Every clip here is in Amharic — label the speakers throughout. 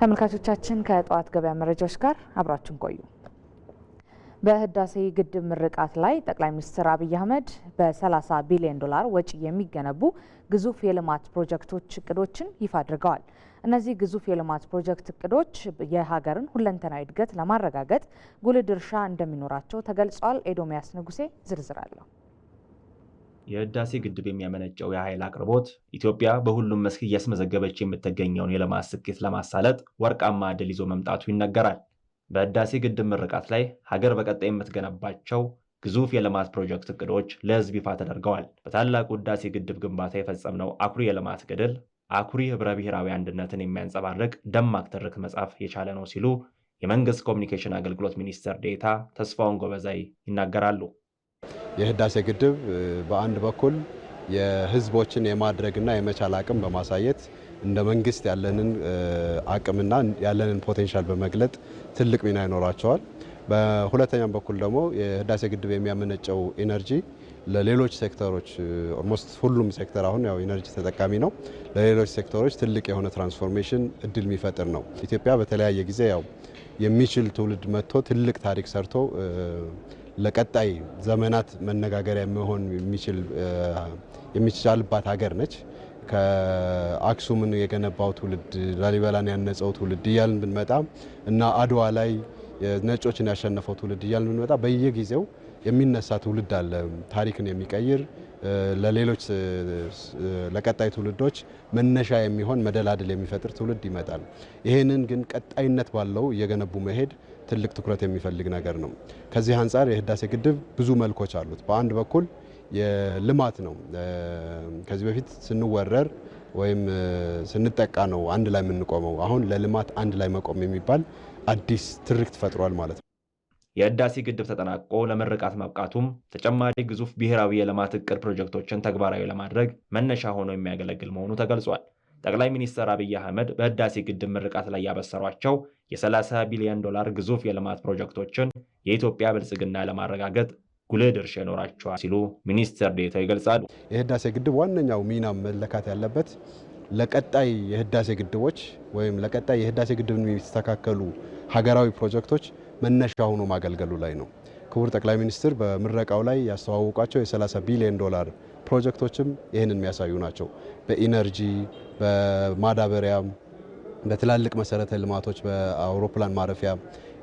Speaker 1: ተመልካቾቻችን ከጠዋት ገበያ መረጃዎች ጋር አብራችን ቆዩ። በህዳሴ ግድብ ምርቃት ላይ ጠቅላይ ሚኒስትር አብይ አህመድ በ30 ቢሊዮን ዶላር ወጪ የሚገነቡ ግዙፍ የልማት ፕሮጀክቶች እቅዶችን ይፋ አድርገዋል። እነዚህ ግዙፍ የልማት ፕሮጀክት እቅዶች የሀገርን ሁለንተናዊ እድገት ለማረጋገጥ ጉልህ ድርሻ እንደሚኖራቸው ተገልጿል። ኤዶሚያስ ንጉሴ ዝርዝር አለው።
Speaker 2: የህዳሴ ግድብ የሚያመነጨው የኃይል አቅርቦት ኢትዮጵያ በሁሉም መስክ እያስመዘገበች የምትገኘውን የልማት ስኬት ለማሳለጥ ወርቃማ ዕድል ይዞ መምጣቱ ይነገራል። በህዳሴ ግድብ ምርቃት ላይ ሀገር በቀጣይ የምትገነባቸው ግዙፍ የልማት ፕሮጀክት እቅዶች ለህዝብ ይፋ ተደርገዋል። በታላቁ ህዳሴ ግድብ ግንባታ የፈጸምነው አኩሪ የልማት ገድል አኩሪ ህብረ ብሔራዊ አንድነትን የሚያንጸባርቅ ደማቅ ትርክ መጻፍ የቻለ ነው ሲሉ የመንግስት ኮሚኒኬሽን አገልግሎት ሚኒስትር ዴኤታ ተስፋውን ጎበዛይ ይናገራሉ።
Speaker 3: የህዳሴ ግድብ በአንድ በኩል የህዝቦችን የማድረግና የመቻል አቅም በማሳየት እንደ መንግስት ያለንን አቅምና ያለንን ፖቴንሻል በመግለጥ ትልቅ ሚና ይኖራቸዋል። በሁለተኛም በኩል ደግሞ የህዳሴ ግድብ የሚያመነጨው ኢነርጂ ለሌሎች ሴክተሮች ኦልሞስት ሁሉም ሴክተር አሁን ያው ኢነርጂ ተጠቃሚ ነው። ለሌሎች ሴክተሮች ትልቅ የሆነ ትራንስፎርሜሽን እድል የሚፈጥር ነው። ኢትዮጵያ በተለያየ ጊዜ ያው የሚችል ትውልድ መጥቶ ትልቅ ታሪክ ሰርቶ ለቀጣይ ዘመናት መነጋገሪያ መሆን የሚቻልባት ሀገር ነች። ከአክሱምን የገነባው ትውልድ ላሊበላን ያነጸው ትውልድ እያልን ብንመጣ እና አድዋ ላይ ነጮችን ያሸነፈው ትውልድ እያልን ብንመጣ በየጊዜው የሚነሳ ትውልድ አለ። ታሪክን የሚቀይር ለሌሎች ለቀጣይ ትውልዶች መነሻ የሚሆን መደላድል የሚፈጥር ትውልድ ይመጣል። ይህንን ግን ቀጣይነት ባለው እየገነቡ መሄድ ትልቅ ትኩረት የሚፈልግ ነገር ነው። ከዚህ አንጻር የህዳሴ ግድብ ብዙ መልኮች አሉት። በአንድ በኩል የልማት ነው። ከዚህ በፊት ስንወረር ወይም ስንጠቃ ነው አንድ ላይ የምንቆመው። አሁን ለልማት አንድ ላይ መቆም የሚባል አዲስ ትርክት ፈጥሯል ማለት ነው።
Speaker 2: የህዳሴ ግድብ ተጠናቆ ለምርቃት መብቃቱም ተጨማሪ ግዙፍ ብሔራዊ የልማት እቅድ ፕሮጀክቶችን ተግባራዊ ለማድረግ መነሻ ሆኖ የሚያገለግል መሆኑ ተገልጿል። ጠቅላይ ሚኒስትር አብይ አህመድ በህዳሴ ግድብ ምርቃት ላይ ያበሰሯቸው የ30 ቢሊዮን ዶላር ግዙፍ የልማት ፕሮጀክቶችን የኢትዮጵያ ብልጽግና ለማረጋገጥ ጉልህ ድርሻ ይኖራቸዋል ሲሉ ሚኒስትር ዴኤታው ይገልጻሉ።
Speaker 3: የህዳሴ ግድብ ዋነኛው ሚና መለካት ያለበት ለቀጣይ የህዳሴ ግድቦች ወይም ለቀጣይ የህዳሴ ግድብ የሚስተካከሉ ሀገራዊ ፕሮጀክቶች መነሻ ሆኖ ማገልገሉ ላይ ነው። ክቡር ጠቅላይ ሚኒስትር በምረቃው ላይ ያስተዋወቋቸው የ30 ቢሊዮን ዶላር ፕሮጀክቶችም ይህንን የሚያሳዩ ናቸው። በኢነርጂ በማዳበሪያ በትላልቅ መሰረተ ልማቶች በአውሮፕላን ማረፊያ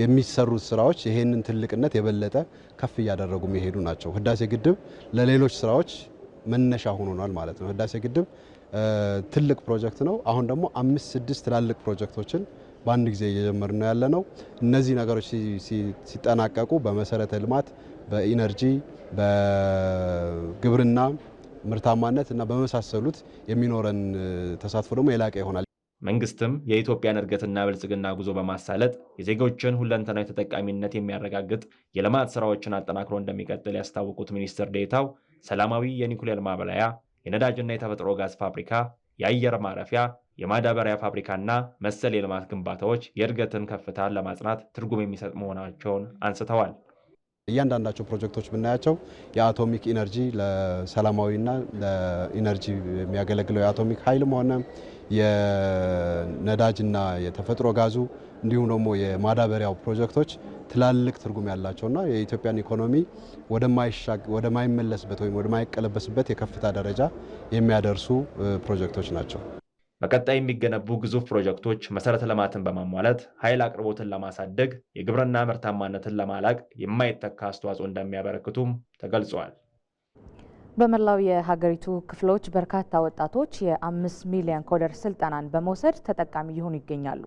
Speaker 3: የሚሰሩት ስራዎች ይህንን ትልቅነት የበለጠ ከፍ እያደረጉ የሚሄዱ ናቸው። ህዳሴ ግድብ ለሌሎች ስራዎች መነሻ ሆኖናል ማለት ነው። ህዳሴ ግድብ ትልቅ ፕሮጀክት ነው። አሁን ደግሞ አምስት ስድስት ትላልቅ ፕሮጀክቶችን በአንድ ጊዜ እየጀመር ነው ያለ ነው። እነዚህ ነገሮች ሲጠናቀቁ በመሰረተ ልማት፣ በኢነርጂ፣ በግብርና ምርታማነት እና በመሳሰሉት የሚኖረን ተሳትፎ ደግሞ የላቀ ይሆናል።
Speaker 2: መንግስትም የኢትዮጵያን እድገትና ብልጽግና ጉዞ በማሳለጥ የዜጎችን ሁለንተናዊ ተጠቃሚነት የሚያረጋግጥ የልማት ስራዎችን አጠናክሮ እንደሚቀጥል ያስታወቁት ሚኒስትር ዴታው ሰላማዊ የኒውክሌር ማበላያ፣ የነዳጅና የተፈጥሮ ጋዝ ፋብሪካ፣ የአየር ማረፊያ፣ የማዳበሪያ ፋብሪካና መሰል የልማት ግንባታዎች የእድገትን ከፍታን ለማጽናት ትርጉም የሚሰጥ መሆናቸውን አንስተዋል።
Speaker 3: እያንዳንዳቸው ፕሮጀክቶች ብናያቸው የአቶሚክ ኢነርጂ ለሰላማዊና ለኢነርጂ የሚያገለግለው የአቶሚክ ኃይልም ሆነ የነዳጅና የተፈጥሮ ጋዙ እንዲሁም ደግሞ የማዳበሪያው ፕሮጀክቶች ትላልቅ ትርጉም ያላቸውና የኢትዮጵያን ኢኮኖሚ ወደማይመለስበት ወይም ወደማይቀለበስበት የከፍታ ደረጃ የሚያደርሱ ፕሮጀክቶች ናቸው።
Speaker 2: በቀጣይ የሚገነቡ ግዙፍ ፕሮጀክቶች መሰረተ ልማትን በማሟላት ኃይል አቅርቦትን ለማሳደግ፣ የግብርና ምርታማነትን ለማላቅ የማይተካ አስተዋጽኦ እንደሚያበረክቱም ተገልጿል።
Speaker 1: በመላው የሀገሪቱ ክፍሎች በርካታ ወጣቶች የአምስት ሚሊዮን ኮደር ስልጠናን በመውሰድ ተጠቃሚ ይሆኑ ይገኛሉ።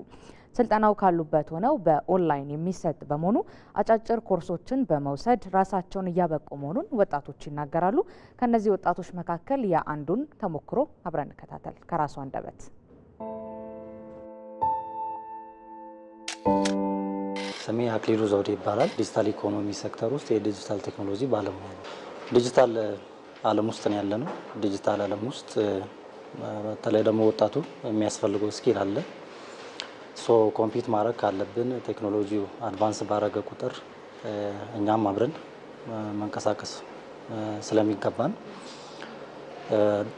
Speaker 1: ስልጠናው ካሉበት ሆነው በኦንላይን የሚሰጥ በመሆኑ አጫጭር ኮርሶችን በመውሰድ ራሳቸውን እያበቁ መሆኑን ወጣቶች ይናገራሉ። ከእነዚህ ወጣቶች መካከል የአንዱን ተሞክሮ አብረን እንከታተል ከራሱ አንደበት።
Speaker 4: ስሜ አክሊሉ ዘውዴ ይባላል። ዲጂታል ኢኮኖሚ ሴክተር ውስጥ የዲጂታል ቴክኖሎጂ ባለሙያ ነው። ዲጂታል ዓለም ውስጥ ነው ነው። ዲጂታል ዓለም ውስጥ በተለይ ደግሞ ወጣቱ የሚያስፈልገው ስኪል አለ። ሶ ኮምፒት ማድረግ ካለብን ቴክኖሎጂው አድቫንስ ባረገ ቁጥር እኛም አብረን መንቀሳቀስ ስለሚገባን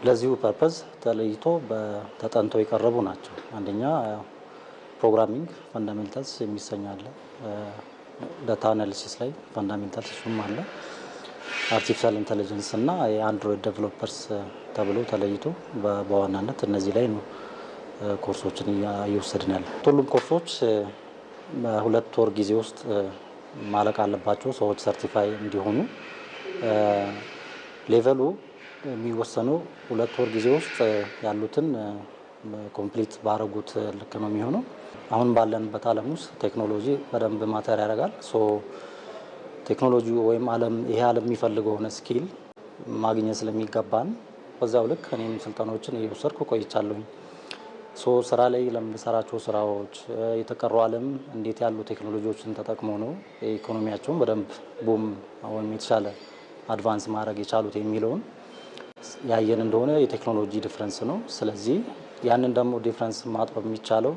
Speaker 4: ለዚሁ ፐርፐዝ ተለይቶ ተጠንቶ የቀረቡ ናቸው። አንደኛ ፕሮግራሚንግ ፈንዳሜንታልስ የሚሰኝ አለ። ዳታ አናሊሲስ ላይ ፈንዳሜንታልስ እሱም አለ። አርቲፊሻል ኢንቴሊጀንስ እና የአንድሮይድ ዴቨሎፐርስ ተብሎ ተለይቶ በዋናነት እነዚህ ላይ ነው ኮርሶችን እየወሰድን ያለ። ሁሉም ኮርሶች በሁለት ወር ጊዜ ውስጥ ማለቅ አለባቸው ሰዎች ሰርቲፋይ እንዲሆኑ። ሌቨሉ የሚወሰነው ሁለት ወር ጊዜ ውስጥ ያሉትን ኮምፕሊት ባረጉት ልክ ነው የሚሆነው። አሁን ባለንበት ዓለም ውስጥ ቴክኖሎጂ በደንብ ማተር ያደርጋል። ቴክኖሎጂ ወይም ዓለም ይሄ ዓለም የሚፈልገውን ስኪል ማግኘት ስለሚገባን በዛው ልክ እኔም ስልጠናዎችን እየወሰድኩ ቆይቻለሁኝ። ሶ ስራ ላይ ለምንሰራቸው ስራዎች የተቀሩ ዓለም እንዴት ያሉ ቴክኖሎጂዎችን ተጠቅሞ ነው ኢኮኖሚያቸውን በደንብ ቡም ወይም የተሻለ አድቫንስ ማድረግ የቻሉት የሚለውን ያየን እንደሆነ የቴክኖሎጂ ዲፍረንስ ነው። ስለዚህ ያንን ደግሞ ዲፍረንስ ማጥበብ የሚቻለው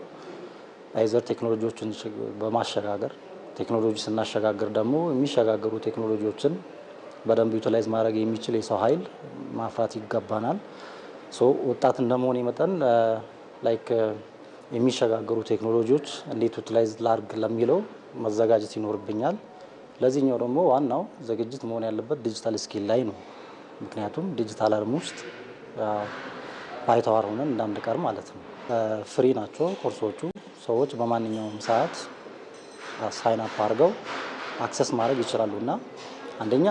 Speaker 4: አይዘር ቴክኖሎጂዎችን በማሸጋገር ቴክኖሎጂ ስናሸጋግር ደግሞ የሚሸጋግሩ ቴክኖሎጂዎችን በደንብ ዩቲላይዝ ማድረግ የሚችል የሰው ኃይል ማፍራት ይገባናል። ሶ ወጣት እንደመሆኔ መጠን ላይክ የሚሸጋግሩ ቴክኖሎጂዎች እንዴት ዩቲላይዝ ላርግ ለሚለው መዘጋጀት ይኖርብኛል። ለዚህኛው ደግሞ ዋናው ዝግጅት መሆን ያለበት ዲጂታል ስኪል ላይ ነው። ምክንያቱም ዲጂታል ዓለም ውስጥ ባይተዋር ሆነን እንዳንቀር ማለት ነው። ፍሪ ናቸው ኮርሶቹ። ሰዎች በማንኛውም ሰዓት ሳይን አፕ አድርገው አክሰስ ማድረግ ይችላሉ እና አንደኛ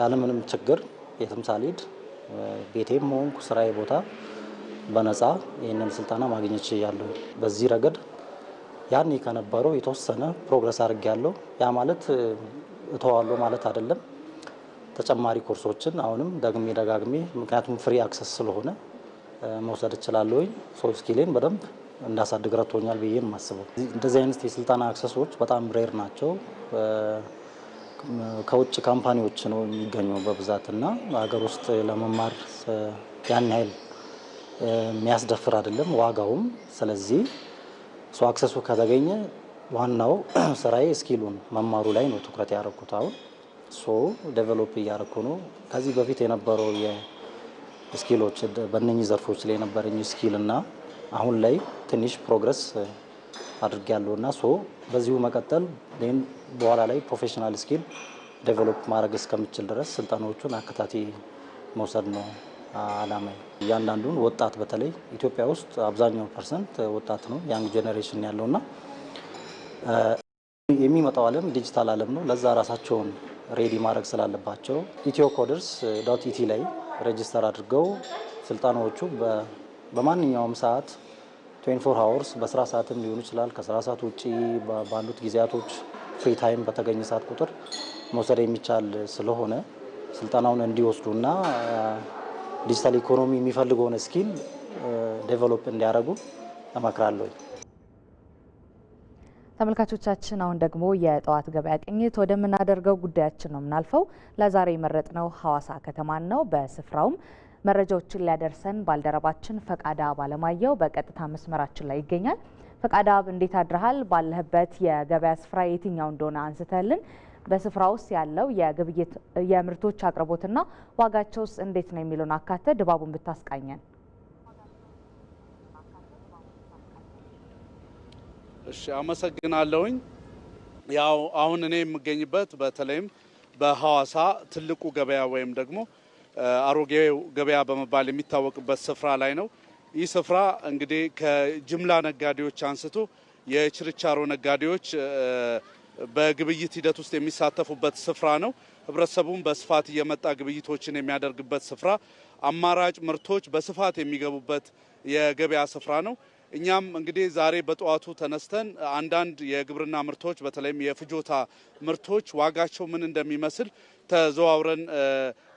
Speaker 4: ያለምንም ችግር የትም ሳልሄድ ቤቴም ሆንኩ ስራዬ ቦታ በነፃ ይህንን ስልጠና ማግኘት ችያለሁ። በዚህ ረገድ ያኔ ከነበረው የተወሰነ ፕሮግረስ አድርግ ያለው ያ ማለት እተዋለሁ ማለት አይደለም። ተጨማሪ ኮርሶችን አሁንም ደግሜ ደጋግሜ ምክንያቱም ፍሪ አክሰስ ስለሆነ መውሰድ እችላለሁኝ። ሶፍት ስኪሌን በደንብ እንዳሳድግ ረድቶኛል ብዬ የማስበው። እንደዚህ አይነት የስልጠና አክሰሶች በጣም ሬር ናቸው። ከውጭ ካምፓኒዎች ነው የሚገኙ በብዛት እና ሀገር ውስጥ ለመማር ያን ያህል የሚያስደፍር አይደለም ዋጋውም። ስለዚህ እሱ አክሰሱ ከተገኘ ዋናው ስራዬ እስኪሉን መማሩ ላይ ነው ትኩረት ያደረኩት። አሁን ሶ ዴቨሎፕ እያደረኩ ነው። ከዚህ በፊት የነበረው የስኪሎች በእነኚህ ዘርፎች ላይ የነበረኝ ስኪል እና አሁን ላይ ትንሽ ፕሮግረስ አድርግ ያለው እና ሶ በዚሁ መቀጠል ን በኋላ ላይ ፕሮፌሽናል ስኪል ዴቨሎፕ ማድረግ እስከምችል ድረስ ስልጠናዎቹን አከታቲ መውሰድ ነው አላማ። እያንዳንዱን ወጣት በተለይ ኢትዮጵያ ውስጥ አብዛኛው ፐርሰንት ወጣት ነው ያንግ ጄኔሬሽን ያለው እና የሚመጣው ዓለም ዲጂታል ዓለም ነው። ለዛ ራሳቸውን ሬዲ ማድረግ ስላለባቸው ኢትዮ ኮደርስ ዶት ኢቲ ላይ ሬጅስተር አድርገው ስልጠናዎቹ በማንኛውም ሰዓት 24 ሀወርስ በስራ ሰዓትም ሊሆን ይችላል። ከስራ ሰዓት ውጪ ባሉት ጊዜያቶች ፍሪ ታይም በተገኘ ሰዓት ቁጥር መውሰድ የሚቻል ስለሆነ ስልጠናውን እንዲወስዱና ዲጂታል ኢኮኖሚ የሚፈልገውን ስኪል ዴቨሎፕ እንዲያደርጉ እመክራለሁ።
Speaker 1: ተመልካቾቻችን አሁን ደግሞ የጠዋት ገበያ ቅኝት ወደምናደርገው ጉዳያችን ነው የምናልፈው። ለዛሬ የመረጥነው ሀዋሳ ከተማን ነው። በስፍራውም መረጃዎችን ሊያደርሰን ባልደረባችን ፈቃዳ ባለማየው በቀጥታ መስመራችን ላይ ይገኛል። ፈቃዳ፣ እንዴት አድረሃል? ባለህበት የገበያ ስፍራ የትኛው እንደሆነ አንስተልን። በስፍራ ውስጥ ያለው የግብይት የምርቶች አቅርቦትና ዋጋቸውስ እንዴት ነው የሚለውን አካተ ድባቡን ብታስቃኘን።
Speaker 5: እሺ፣ አመሰግናለሁኝ። ያው አሁን እኔ የምገኝበት በተለይም በሐዋሳ ትልቁ ገበያ ወይም ደግሞ አሮጌው ገበያ በመባል የሚታወቅበት ስፍራ ላይ ነው። ይህ ስፍራ እንግዲህ ከጅምላ ነጋዴዎች አንስቶ የችርቻሮ ነጋዴዎች በግብይት ሂደት ውስጥ የሚሳተፉበት ስፍራ ነው። ህብረተሰቡም በስፋት እየመጣ ግብይቶችን የሚያደርግበት ስፍራ፣ አማራጭ ምርቶች በስፋት የሚገቡበት የገበያ ስፍራ ነው። እኛም እንግዲህ ዛሬ በጠዋቱ ተነስተን አንዳንድ የግብርና ምርቶች በተለይም የፍጆታ ምርቶች ዋጋቸው ምን እንደሚመስል ተዘዋውረን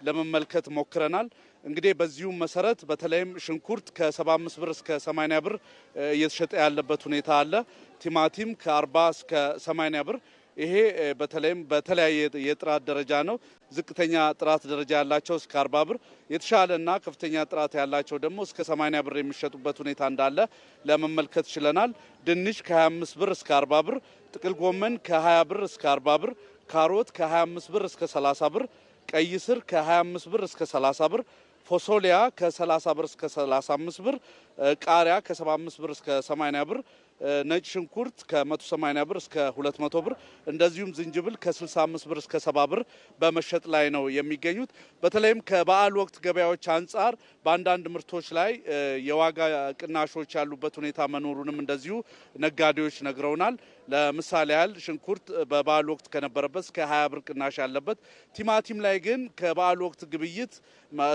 Speaker 5: ለመመልከት ሞክረናል። እንግዲህ በዚሁም መሰረት በተለይም ሽንኩርት ከ75 ብር እስከ 80 ብር እየተሸጠ ያለበት ሁኔታ አለ። ቲማቲም ከ40 እስከ 80 ብር ይሄ በተለይም በተለያየ የጥራት ደረጃ ነው። ዝቅተኛ ጥራት ደረጃ ያላቸው እስከ አርባ ብር የተሻለና ከፍተኛ ጥራት ያላቸው ደግሞ እስከ ሰማኒያ ብር የሚሸጡበት ሁኔታ እንዳለ ለመመልከት ችለናል። ድንች ከ25 ብር እስከ አርባ ብር፣ ጥቅል ጎመን ከ20 ብር እስከ አርባ ብር፣ ካሮት ከ25 ብር እስከ 30 ብር፣ ቀይ ስር ከ25 ብር እስከ 30 ብር ፎሶሊያ ከ30 ብር እስከ 35 ብር፣ ቃሪያ ከ75 ብር እስከ 80 ብር፣ ነጭ ሽንኩርት ከ180 ብር እስከ 200 ብር እንደዚሁም ዝንጅብል ከ65 ብር እስከ 70 ብር በመሸጥ ላይ ነው የሚገኙት። በተለይም ከበዓል ወቅት ገበያዎች አንጻር በአንዳንድ ምርቶች ላይ የዋጋ ቅናሾች ያሉበት ሁኔታ መኖሩንም እንደዚሁ ነጋዴዎች ነግረውናል። ለምሳሌ ያህል ሽንኩርት በበዓል ወቅት ከነበረበት እስከ 20 ብር ቅናሽ ያለበት፣ ቲማቲም ላይ ግን ከበዓል ወቅት ግብይት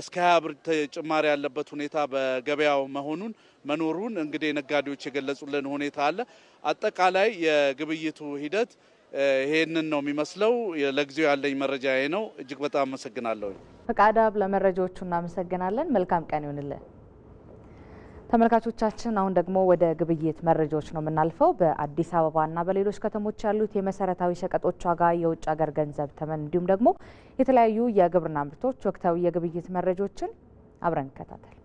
Speaker 5: እስከ 20 ብር ጭማሪ ያለበት ሁኔታ በገበያው መሆኑን መኖሩን እንግዲህ ነጋዴዎች የገለጹልን ሁኔታ አለ። አጠቃላይ የግብይቱ ሂደት ይሄንን ነው የሚመስለው። ለጊዜው ያለኝ መረጃ ይሄ ነው። እጅግ በጣም አመሰግናለሁ።
Speaker 1: ፈቃድ አብ ለመረጃዎቹ እናመሰግናለን። መልካም ቀን ይሁንልን። ተመልካቾቻችን አሁን ደግሞ ወደ ግብይት መረጃዎች ነው የምናልፈው። በአዲስ አበባና በሌሎች ከተሞች ያሉት የመሰረታዊ ሸቀጦች ዋጋ፣ የውጭ ሀገር ገንዘብ ተመን እንዲሁም ደግሞ የተለያዩ የግብርና ምርቶች ወቅታዊ የግብይት መረጃዎችን አብረን እንከታተል።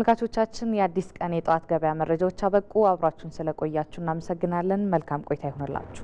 Speaker 1: ተመልካቾቻችን የአዲስ ቀን የጠዋት ገበያ መረጃዎች አበቁ። አብራችሁን ስለቆያችሁ እናመሰግናለን። መልካም ቆይታ ይሆንላችሁ።